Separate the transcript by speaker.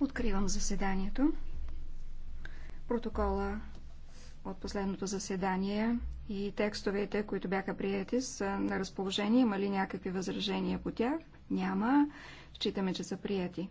Speaker 1: Откривам заседанието. Протокола от последното заседание и текстовете, които бяха приети, са на разположение. Има ли някакви възражения по тях? Няма. Считаме, че са прияти.